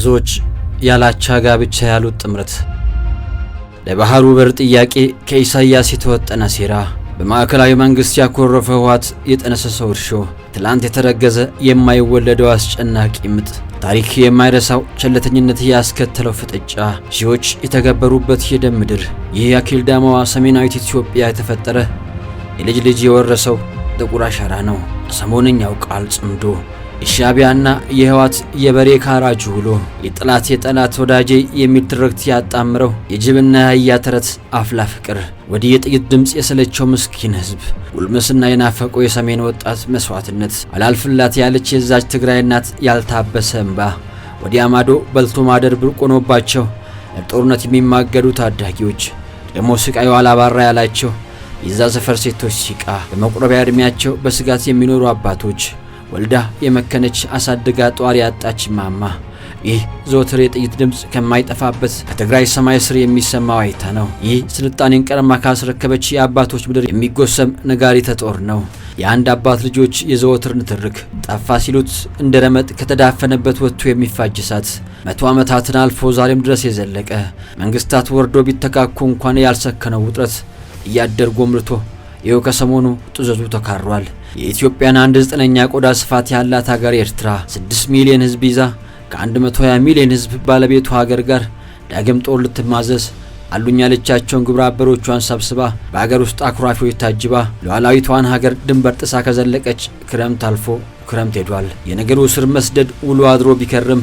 ብዙዎች ያላቻ ጋብቻ ያሉት ጥምረት ለባህሩ በር ጥያቄ ከኢሳያስ የተወጠነ ሴራ በማዕከላዊ መንግስት ያኮረፈ ህወሓት የጠነሰሰው እርሾ ትላንት የተረገዘ የማይወለደው አስጨናቂ ምጥ ታሪክ የማይረሳው ቸለተኝነት ያስከተለው ፍጥጫ ሺዎች የተገበሩበት የደም ምድር ይህ የአክሊል ዳማዋ ሰሜናዊት ኢትዮጵያ የተፈጠረ የልጅ ልጅ የወረሰው ጥቁር አሻራ ነው። ሰሞነኛው ቃል ጽምዶ የሻዕቢያና የህዋት የበሬ ካራጅ ውሎ የጠላት የጠላት ወዳጄ የሚል ትርክት ያጣምረው የጅብና የአህያ ተረት አፍላ ፍቅር ወዲህ የጥይት ድምፅ የሰለቸው ምስኪን ህዝብ ጉልምስና የናፈቆ የሰሜን ወጣት መስዋዕትነት አላልፍላት ያለች የዛች ትግራይ እናት ያልታበሰ እምባ ወዲያ ማዶ በልቶ ማደር ብርቅ ለጦርነት የሚማገዱ ታዳጊዎች ደግሞ ስቃዩ አላባራ ያላቸው የዛ ሰፈር ሴቶች ሲቃ በመቁረቢያ ዕድሜያቸው በስጋት የሚኖሩ አባቶች ወልዳ የመከነች አሳድጋ ጧሪ ያጣች ማማ። ይህ ዘወትር የጥይት ድምፅ ከማይጠፋበት ከትግራይ ሰማይ ስር የሚሰማው ዋይታ ነው። ይህ ስልጣኔን ቀርማ ካስረከበች የአባቶች ምድር የሚጎሰም ነጋሪተ ጦር ነው። የአንድ አባት ልጆች የዘወትር ንትርክ ጠፋ ሲሉት እንደ ረመጥ ከተዳፈነበት ወጥቶ የሚፋጅ እሳት መቶ ዓመታትን አልፎ ዛሬም ድረስ የዘለቀ መንግስታት ወርዶ ቢተካኩ እንኳን ያልሰከነው ውጥረት እያደር ጎምርቶ ይኸው ከሰሞኑ ጥዘቱ ተካሯል። የኢትዮጵያን አንድ ዘጠነኛ ቆዳ ስፋት ያላት ሀገር ኤርትራ 6 ሚሊዮን ሕዝብ ይዛ ከ120 ሚሊዮን ሕዝብ ባለቤቱ ሀገር ጋር ዳግም ጦር ልትማዘዝ አሉኝ ያለቻቸውን ግብረ አበሮቿን ሰብስባ በሀገር ውስጥ አኩራፊዎች ታጅባ ሉዓላዊቷን ሀገር ድንበር ጥሳ ከዘለቀች ክረምት አልፎ ክረምት ሄዷል። የነገሩ ስር መስደድ ውሎ አድሮ ቢከርም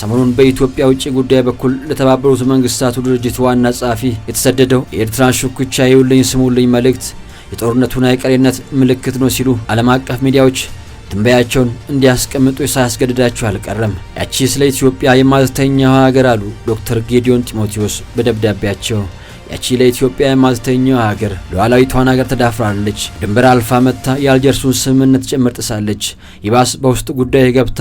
ሰሞኑን በኢትዮጵያ ውጭ ጉዳይ በኩል ለተባበሩት መንግስታቱ ድርጅት ዋና ጸሐፊ የተሰደደው የኤርትራን ሽኩቻ ይውልኝ ስሙልኝ መልእክት የጦርነቱን አይቀሬነት ምልክት ነው ሲሉ ዓለም አቀፍ ሚዲያዎች ትንበያቸውን እንዲያስቀምጡ ሳያስገድዳቸው አልቀረም። ያቺ ስለ ኢትዮጵያ የማትተኛው ሀገር አሉ ዶክተር ጌዲዮን ጢሞቴዎስ በደብዳቤያቸው። ያቺ ለኢትዮጵያ የማትተኛው ሀገር ሉዓላዊቷን ሀገር ተዳፍራለች። ድንበር አልፋ መጥታ የአልጀርሱን ስምምነት ጭምር ጥሳለች። ይባስ በውስጥ ጉዳይ ገብታ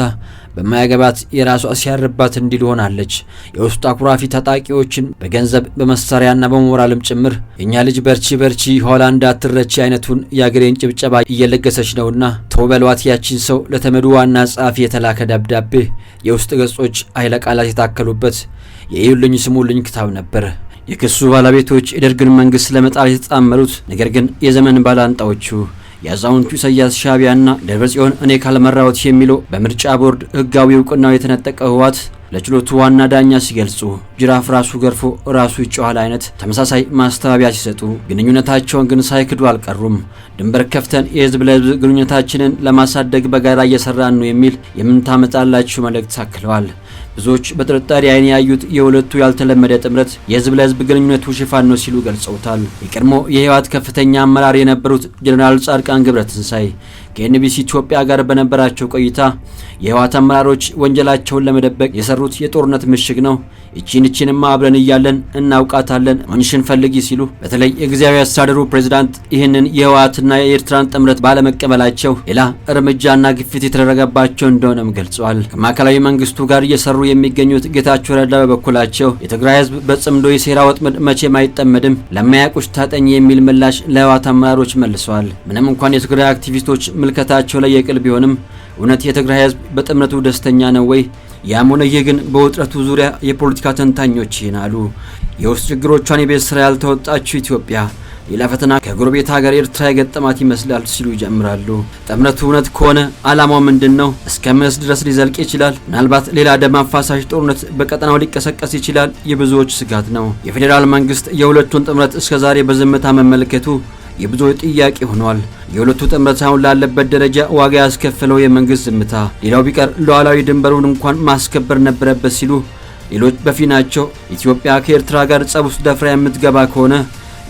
በማያገባት የራሷ ሲያርባት እንዲል ሆናለች። የውስጥ አኩራፊ ታጣቂዎችን በገንዘብ በመሳሪያና በሞራልም ጭምር የእኛ ልጅ በርቺ በርቺ ሆላንድ አትረቺ አይነቱን የአገሬን ጭብጨባ እየለገሰች ነውና ተውበሏት ያቺን ሰው ለተመዱ ዋና ጸሐፊ የተላከ ደብዳቤ የውስጥ ገጾች ኃይለ ቃላት የታከሉበት የዩልኝ ስሙልኝ ክታብ ነበር። የክሱ ባለቤቶች የደርግን መንግስት ለመጣል የተጣመሩት ነገር ግን የዘመን ባላንጣዎቹ የአዛውንቱ ኢሳያስ ሻዕቢያና ደብረ ጽዮን እኔ ካልመራሁት የሚለው በምርጫ ቦርድ ህጋዊ እውቅናው የተነጠቀ ህወሓት ለችሎቱ ዋና ዳኛ ሲገልጹ ጅራፍ ራሱ ገርፎ ራሱ ይጮኋል አይነት ተመሳሳይ ማስተባበያ ሲሰጡ ግንኙነታቸውን ግን ሳይክዱ አልቀሩም። ድንበር ከፍተን የህዝብ ለህዝብ ግንኙነታችንን ለማሳደግ በጋራ እየሰራን ነው የሚል የምንታመጣላችሁ መልእክት አክለዋል። ብዙዎች በጥርጣሬ አይን ያዩት የሁለቱ ያልተለመደ ጥምረት የህዝብ ለህዝብ ግንኙነቱ ሽፋን ነው ሲሉ ገልጸውታል። የቀድሞ የህወሓት ከፍተኛ አመራር የነበሩት ጀኔራል ጻድቃን ገብረትንሳኤ ከኤንቢሲ ኢትዮጵያ ጋር በነበራቸው ቆይታ የህወሓት አመራሮች ወንጀላቸውን ለመደበቅ የሰሩት የጦርነት ምሽግ ነው፣ እቺን እቺንማ አብረን እያለን እናውቃታለን፣ አንሽን ፈልጊ ሲሉ በተለይ የጊዜያዊ አስተዳደሩ ፕሬዝዳንት ይህንን የህወሓትና የኤርትራን ጥምረት ባለመቀበላቸው ሌላ እርምጃና ግፊት የተደረገባቸው እንደሆነም ገልጸዋል። ከማዕከላዊ መንግስቱ ጋር እየሰሩ የሚገኙት ጌታቸው ረዳ በበኩላቸው የትግራይ ህዝብ በጽምዶ የሴራ ወጥመድ መቼም አይጠመድም፣ ለማያውቁሽ ታጠኝ የሚል ምላሽ ለህወሓት አመራሮች መልሰዋል። ምንም እንኳን የትግራይ አክቲቪስቶች ምልከታቸው ላይ የቅል ቢሆንም እውነት የትግራይ ህዝብ በጥምረቱ ደስተኛ ነው ወይ? ያም ሆነ ይህ ግን በውጥረቱ ዙሪያ የፖለቲካ ተንታኞች ይህን አሉ። የውስጥ ችግሮቿን የቤት ስራ ያልተወጣችው ኢትዮጵያ ሌላ ፈተና ከጎረቤት ሀገር ኤርትራ የገጠማት ይመስላል ሲሉ ይጀምራሉ። ጥምረቱ እውነት ከሆነ አላማው ምንድን ነው? እስከ ምንስ ድረስ ሊዘልቅ ይችላል? ምናልባት ሌላ ደም አፋሳሽ ጦርነት በቀጠናው ሊቀሰቀስ ይችላል የብዙዎች ስጋት ነው። የፌዴራል መንግስት የሁለቱን ጥምረት እስከዛሬ በዝምታ መመልከቱ የብዙዎች ጥያቄ ሆኗል። የሁለቱ ጥምረት አሁን ላለበት ደረጃ ዋጋ ያስከፈለው የመንግስት ዝምታ፣ ሌላው ቢቀር ሉዓላዊ ድንበሩን እንኳን ማስከበር ነበረበት ሲሉ ሌሎች በፊናቸው ኢትዮጵያ ከኤርትራ ጋር ጸብ ውስጥ ደፍራ የምትገባ ከሆነ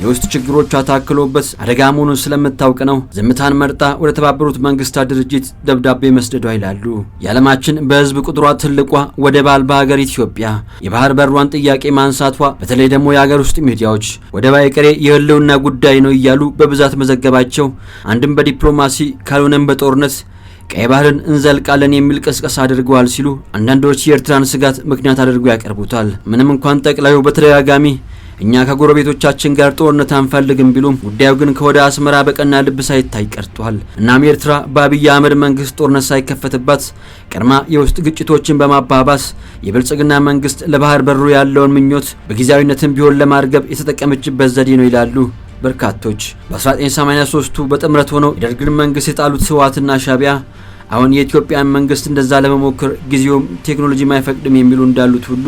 የውስጥ ችግሮቿ ታክሎበት አደጋ መሆኑን ስለምታውቅ ነው ዝምታን መርጣ ወደ ተባበሩት መንግስታት ድርጅት ደብዳቤ መስደዷ ይላሉ። የዓለማችን በህዝብ ቁጥሯ ትልቋ ወደብ አልባ ሀገር ኢትዮጵያ የባህር በሯን ጥያቄ ማንሳቷ፣ በተለይ ደግሞ የሀገር ውስጥ ሚዲያዎች ወደብ አይቀሬ የህልውና ጉዳይ ነው እያሉ በብዛት መዘገባቸው አንድም በዲፕሎማሲ ካልሆነም በጦርነት ቀይ ባህርን እንዘልቃለን የሚል ቅስቀሳ አድርገዋል ሲሉ አንዳንዶች የኤርትራን ስጋት ምክንያት አድርገው ያቀርቡታል። ምንም እንኳን ጠቅላዩ በተደጋጋሚ እኛ ከጎረቤቶቻችን ጋር ጦርነት አንፈልግም ቢሉም ጉዳዩ ግን ከወደ አስመራ በቀና ልብ ሳይታይ ቀርቷል። እናም ኤርትራ በአብይ አህመድ መንግስት ጦርነት ሳይከፈትባት ቀድማ የውስጥ ግጭቶችን በማባባስ የብልጽግና መንግስት ለባህር በሩ ያለውን ምኞት በጊዜያዊነትም ቢሆን ለማርገብ የተጠቀመችበት ዘዴ ነው ይላሉ በርካቶች። በ1983ቱ በጥምረት ሆነው የደርግን መንግስት የጣሉት ህወሓትና ሻቢያ አሁን የኢትዮጵያን መንግስት እንደዛ ለመሞከር ጊዜውም ቴክኖሎጂ ማይፈቅድም የሚሉ እንዳሉት ሁሉ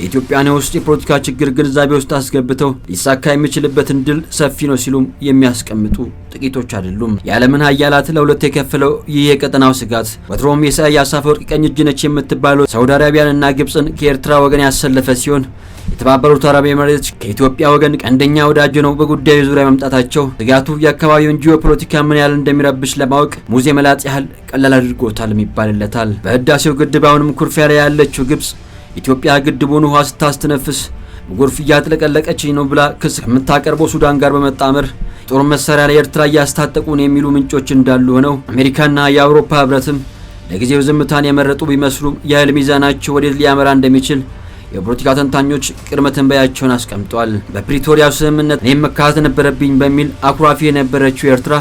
የኢትዮጵያ ውስጥ የፖለቲካ ችግር ግንዛቤ ውስጥ አስገብተው ሊሳካ የሚችልበትን ድል ሰፊ ነው ሲሉም የሚያስቀምጡ ጥቂቶች አይደሉም። የዓለምን ሀያላት ለሁለት የከፈለው ይህ የቀጠናው ስጋት ወትሮም የኢሳያስ አፈወርቂ ቀኝ እጅ ነች የምትባለው ሳውዲ አረቢያንና ግብፅን ከኤርትራ ወገን ያሰለፈ ሲሆን የተባበሩት አረብ ኤምሬቶች ከኢትዮጵያ ወገን ቀንደኛ ወዳጅ ነው። በጉዳዩ ዙሪያ መምጣታቸው ስጋቱ የአካባቢውን ጂኦፖለቲካ ምን ያህል እንደሚረብሽ ለማወቅ ሙዝ የመላጥ ያህል ቀላል አድርጎታል ይባልለታል። በህዳሴው ግድብ አሁንም ኩርፊያ ላይ ያለችው ግብጽ ኢትዮጵያ ግድቡን ውሃ ስታስተነፍስ በጎርፍ እያጥለቀለቀችኝ ነው ብላ ክስ ከምታቀርበው ሱዳን ጋር በመጣመር ጦር መሳሪያ ለኤርትራ ነው የሚሉ ምንጮች እንዳሉ ሆነው አሜሪካና የአውሮፓ ህብረትም ለጊዜው ዝምታን የመረጡ ቢመስሉም የኃይል ሚዛናቸው ወዴት ሊያመራ እንደሚችል የፖለቲካ ተንታኞች ቅድመ ትንበያቸውን አስቀምጧል። በፕሪቶሪያው ስምምነት እኔም መካተት ነበረብኝ በሚል አኩራፊ የነበረችው ኤርትራ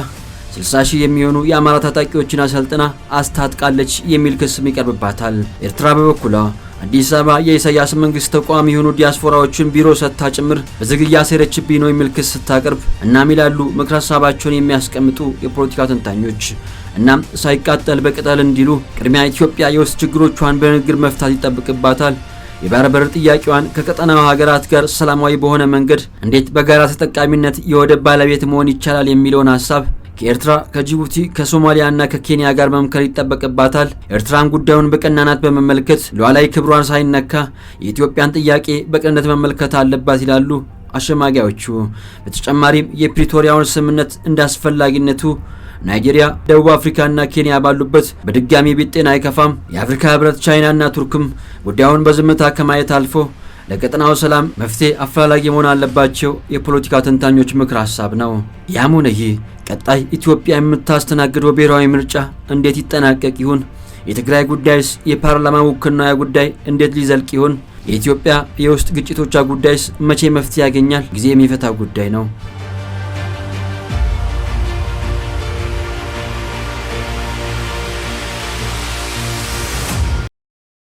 60 ሺህ የሚሆኑ የአማራ ታጣቂዎችን አሰልጥና አስታጥቃለች የሚል ክስም ይቀርብባታል። ኤርትራ በበኩሏ አዲስ አበባ የኢሳያስ መንግስት ተቋም የሆኑ ዲያስፖራዎችን ቢሮ ሰጥታ ጭምር በዝግያ ሴረችብኝ ነው የሚል ክስ ስታቀርብ እናም ይላሉ ምክረ ሀሳባቸውን የሚያስቀምጡ የፖለቲካ ተንታኞች። እናም ሳይቃጠል በቅጠል እንዲሉ ቅድሚያ ኢትዮጵያ የውስጥ ችግሮቿን በንግግር መፍታት ይጠብቅባታል። የባህር በር ጥያቄዋን ከቀጠናው ሀገራት ጋር ሰላማዊ በሆነ መንገድ እንዴት በጋራ ተጠቃሚነት የወደብ ባለቤት መሆን ይቻላል የሚለውን ሀሳብ ከኤርትራ፣ ከጅቡቲ፣ ከሶማሊያ እና ከኬንያ ጋር መምከር ይጠበቅባታል። ኤርትራን ጉዳዩን በቀናናት በመመልከት ሉዓላዊ ክብሯን ሳይነካ የኢትዮጵያን ጥያቄ በቅንነት መመልከት አለባት ይላሉ አሸማጊያዎቹ። በተጨማሪም የፕሪቶሪያውን ስምምነት እንዳስፈላጊነቱ ናይጄሪያ፣ ደቡብ አፍሪካና ኬንያ ባሉበት በድጋሚ ቢጤን አይከፋም። የአፍሪካ ህብረት፣ ቻይናና ቱርክም ጉዳዩን በዝምታ ከማየት አልፎ ለቀጠናው ሰላም መፍትሄ አፈላላጊ መሆን አለባቸው የፖለቲካ ተንታኞች ምክር ሀሳብ ነው። ያም ሆነ ይህ ቀጣይ ኢትዮጵያ የምታስተናግደው ብሔራዊ ምርጫ እንዴት ይጠናቀቅ ይሆን? የትግራይ ጉዳይስ የፓርላማ ውክልና ጉዳይ እንዴት ሊዘልቅ ይሆን? የኢትዮጵያ የውስጥ ግጭቶቿ ጉዳይስ መቼ መፍትሄ ያገኛል? ጊዜ የሚፈታው ጉዳይ ነው።